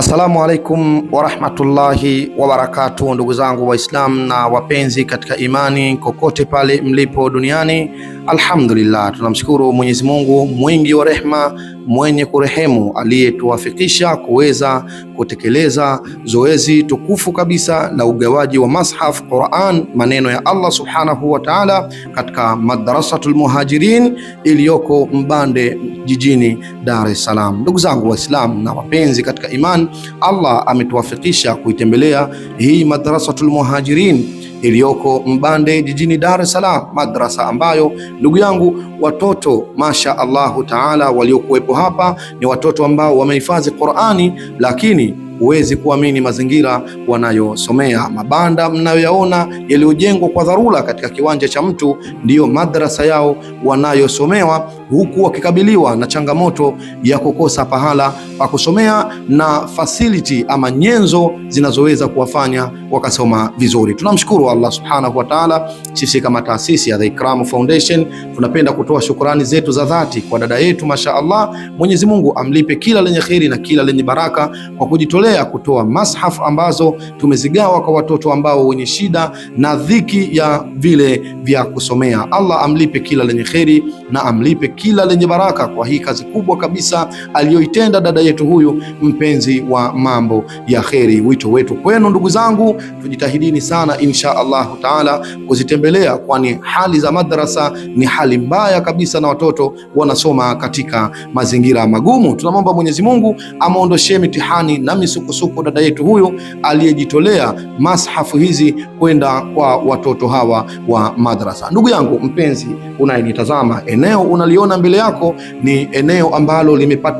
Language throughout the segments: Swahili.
Assalamu alaikum warahmatullahi wabarakatu ndugu zangu Waislamu na wapenzi katika imani kokote pale mlipo duniani. Alhamdulillah, tunamshukuru Mwenyezi Mungu mwingi wa rehma mwenye kurehemu aliyetuwafikisha kuweza kutekeleza zoezi tukufu kabisa la ugawaji wa mashaf Quran, maneno ya Allah subhanahu wa ta'ala, katika Madrasatul Muhajirin iliyoko Mbande jijini Dar es Salaam. Ndugu zangu Waislamu na wapenzi katika imani, Allah ametuwafikisha kuitembelea hii Madrasatul Muhajirin iliyoko Mbande jijini Dar es Salaam, madrasa ambayo ndugu yangu watoto masha Allahu taala waliokuwepo hapa ni watoto ambao wamehifadhi Qurani, lakini huwezi kuamini mazingira wanayosomea. Mabanda mnayoyaona yaliyojengwa kwa dharura katika kiwanja cha mtu, ndiyo madrasa yao wanayosomewa huku wakikabiliwa na changamoto ya kukosa pahala pa kusomea na facility ama nyenzo zinazoweza kuwafanya wakasoma vizuri. Tunamshukuru Allah subhanahu wa ta'ala. Sisi kama taasisi ya The Ikram Foundation tunapenda kutoa shukrani zetu za dhati kwa dada yetu, masha Allah. Mwenyezi Mungu amlipe kila lenye kheri na kila lenye baraka kwa kujitolea kutoa mashaf ambazo tumezigawa kwa watoto ambao wenye shida na dhiki ya vile vya kusomea. Allah amlipe kila lenye kheri na amlipe kila lenye baraka kwa hii kazi kubwa kabisa aliyoitenda dada yetu huyu mpenzi wa mambo ya kheri. Wito wetu kwenu ndugu zangu, tujitahidini sana insha Allahu taala kuzitembelea, kwani hali za madrasa ni hali mbaya kabisa, na watoto wanasoma katika mazingira magumu. Tunamwomba Mwenyezi Mungu amaondoshee mitihani na misukosuko dada yetu huyu aliyejitolea mashafu hizi kwenda kwa watoto hawa wa madrasa. Ndugu yangu mpenzi unayenitazama, eneo unaliona unachokiona mbele yako ni eneo ambalo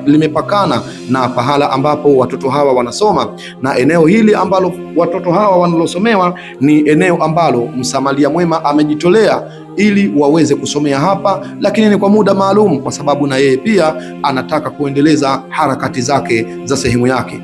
limepakana na pahala ambapo watoto hawa wanasoma, na eneo hili ambalo watoto hawa wanalosomewa ni eneo ambalo msamaria mwema amejitolea ili waweze kusomea hapa, lakini ni kwa muda maalum, kwa sababu na yeye pia anataka kuendeleza harakati zake za sehemu yake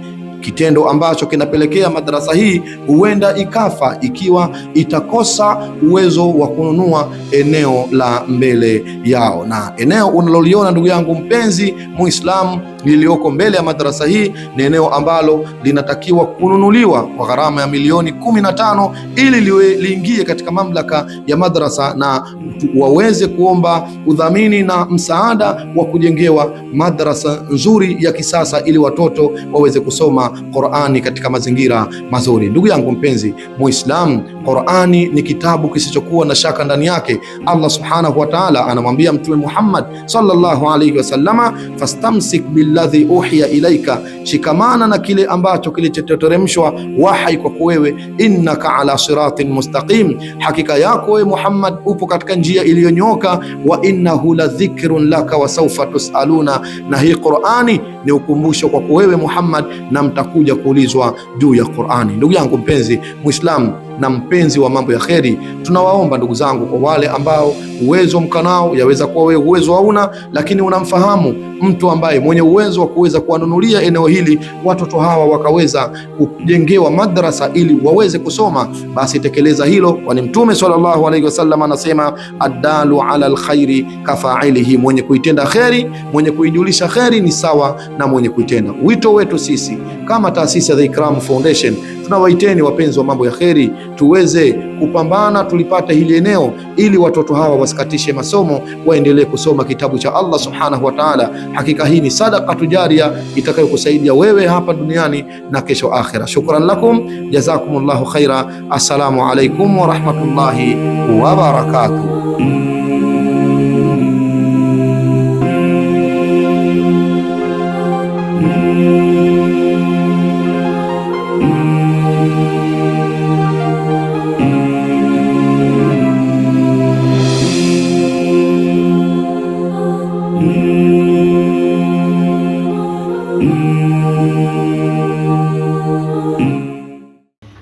kitendo ambacho kinapelekea madarasa hii huenda ikafa ikiwa itakosa uwezo wa kununua eneo la mbele yao. Na eneo unaloliona ndugu yangu mpenzi Muislamu lililoko mbele ya madrasa hii ni eneo ambalo linatakiwa kununuliwa kwa gharama ya milioni kumi na tano ili liwe liingie katika mamlaka ya madrasa na waweze kuomba udhamini na msaada wa kujengewa madrasa nzuri ya kisasa ili watoto waweze kusoma Qur'ani katika mazingira mazuri. Ndugu yangu mpenzi Muislamu, Qur'ani ni kitabu kisichokuwa na shaka ndani yake. Allah subhanahu wa ta'ala anamwambia Mtume Muhammad sallallahu alayhi wasallama, fastamsik bil billadhi uhiya ilaika, shikamana na kile ambacho kilichoteremshwa wahai kwako wewe. Innaka ala siratin mustaqim, hakika yako wewe Muhammad upo katika njia iliyonyoka. Wa innahu la dhikrun laka wa sawfa tusaluna, na hii Qur'ani ni ukumbusho kwako wewe Muhammad, na mtakuja kuulizwa juu ya Qur'ani. Ndugu yangu mpenzi Muislam na mpenzi wa mambo ya kheri. Tunawaomba ndugu zangu, kwa wale ambao uwezo mkanao, yaweza kuwa wewe uwezo hauna, lakini unamfahamu mtu ambaye mwenye uwezo wa kuweza kuwanunulia eneo hili watoto hawa wakaweza kujengewa madrasa ili waweze kusoma, basi tekeleza hilo, kwani Mtume sallallahu alaihi wasallam anasema addalu ala alkhairi kafailihi, mwenye kuitenda kheri, mwenye kuijulisha kheri ni sawa na mwenye kuitenda. Wito wetu sisi kama taasisi ya The Ikram Foundation Tunawaiteni wapenzi wa mambo ya kheri, tuweze kupambana tulipate hili eneo, ili watoto hawa wasikatishe masomo, waendelee kusoma kitabu cha Allah subhanahu wa ta'ala. Hakika hii ni sadaka tujaria itakayokusaidia wewe hapa duniani na kesho akhira. Shukran lakum, jazakumullahu khaira. Assalamu alaikum wa rahmatullahi wa barakatuh.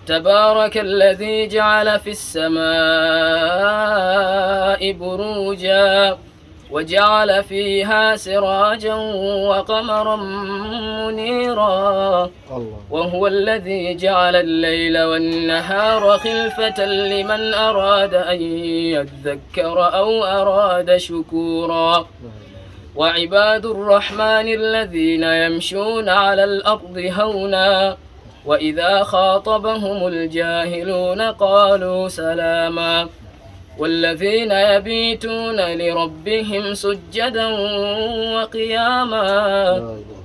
تبارك الذي جعل في السماء بروجا وجعل فيها سراجا وقمرا منيرا وهو الذي جعل الليل والنهار خلفة لمن أراد أن يذكر أو أراد شكورا وعباد الرحمن الذين يمشون على الأرض هونا وإذا خاطبهم الجاهلون قالوا سلاما والذين يبيتون لربهم سجدا وقياما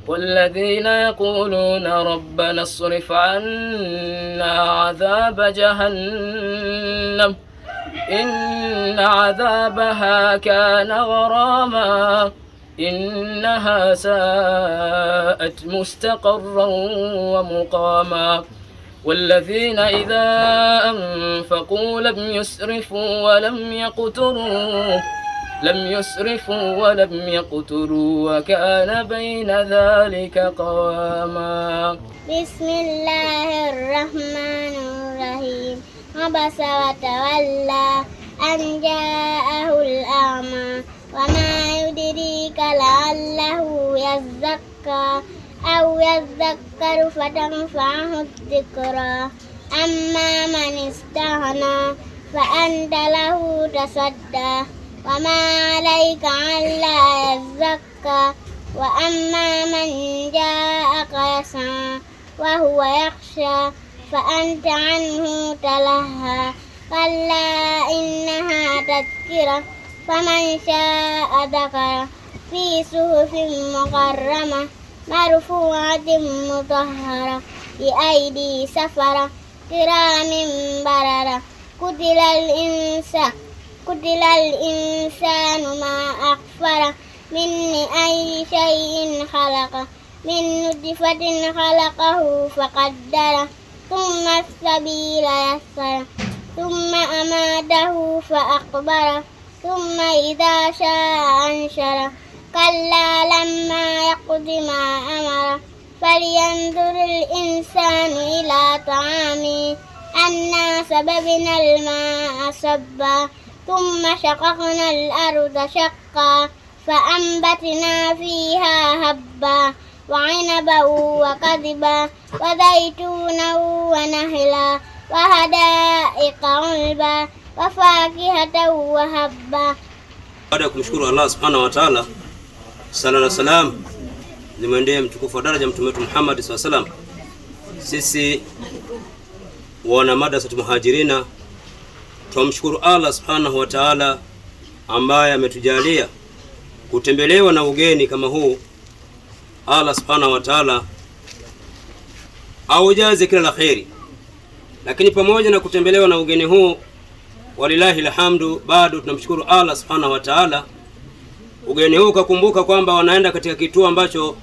والذين يقولون ربنا اصرف عنا عذاب جهنم إن عذابها كان غراما إنها ساءت مستقرا ومقاما والذين إذا أنفقوا لم يسرفوا ولم يقتروا لم يسرفوا ولم يقتروا وكان بين ذلك قواما بسم الله الرحمن الرحيم عبس وتولى أن جاءه الأعمى وما لعله يزكى أو يذكر فتنفعه الذكرى أما من استغنى فأنت له تصدى وما عليك ألا يزكى وأما من جاءك يسعى وهو يخشى فأنت عنه تلهى كلا إنها تذكرة فمن شاء ذكره في صحف مكرمة مرفوعة مطهرة بأيدي سفرة كرام بررة قتل الإنسان قتل الإنسان ما أكفر من أي شيء خلقه من نطفة خلقه فقدره ثم السبيل يسره ثم أماته فأقبره ثم إذا شاء أنشره كلا لما يقض ما أمر فلينظر الإنسان إلى طعامه أنا سببنا الماء صبا ثم شققنا الأرض شقا فأنبتنا فيها هبا وعنبا وقضبا وزيتونا ونهلا وحدائق علبا وفاكهة وهبا. بعد ya kumshukuru Allah subhanahu wa ta'ala sala na salam zimwendee mtukufu wa daraja mtume wetu Muhammad swalla salam. Sisi wana madrasat Muhajirina twamshukuru Allah subhanahu wa taala ambaye ametujalia kutembelewa na ugeni kama huu. Allah subhanahu wa taala aujaze kila la kheri. Lakini pamoja na kutembelewa na ugeni huu, walilahi alhamdu, bado tunamshukuru Allah subhanahu wa taala ugeni huu ukakumbuka kwamba wanaenda katika kituo ambacho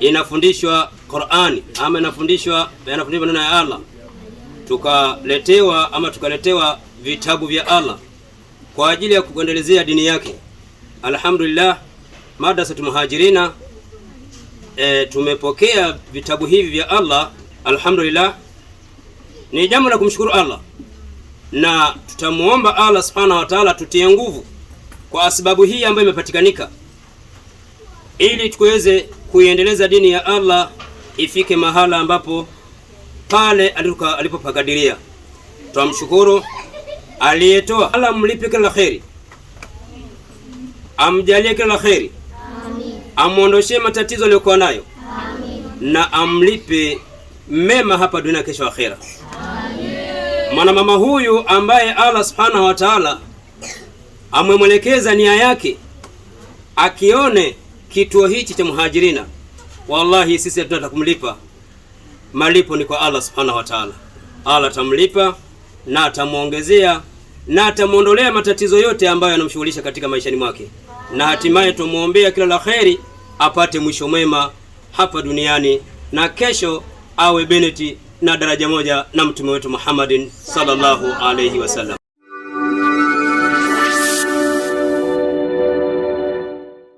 inafundishwa Qur'ani ama inafundishwa yanafundishwa maneno ya Allah, tukaletewa ama tukaletewa vitabu vya Allah kwa ajili ya kuendelezea dini yake. Alhamdulillah, madrasatu muhajirina e, tumepokea vitabu hivi vya Allah. Alhamdulillah, ni jambo la kumshukuru Allah na tutamwomba Allah subhanahu wa ta'ala tutie nguvu kwa sababu hii ambayo imepatikanika, ili tuweze kuiendeleza dini ya Allah ifike mahala ambapo pale alipopakadiria. Twamshukuru aliyetoa. Allah mlipe kila la kheri, amjalie kila la kheri, amwondoshee matatizo aliyokuwa nayo na amlipe mema hapa dunia, kesho akhera. Mwanamama huyu ambaye Allah subhanahu wa ta'ala amwemwelekeza nia yake akione kituo hichi cha Muhajirina. Wallahi sisi hatuna kumlipa, malipo ni kwa Allah subhanahu wa taala. Allah atamlipa na atamwongezea na atamwondolea matatizo yote ambayo yanamshughulisha katika maishani mwake, na hatimaye tumuombea kila la kheri, apate mwisho mwema hapa duniani na kesho awe beneti na daraja moja na mtume wetu Muhammadin sallallahu alayhi wasallam.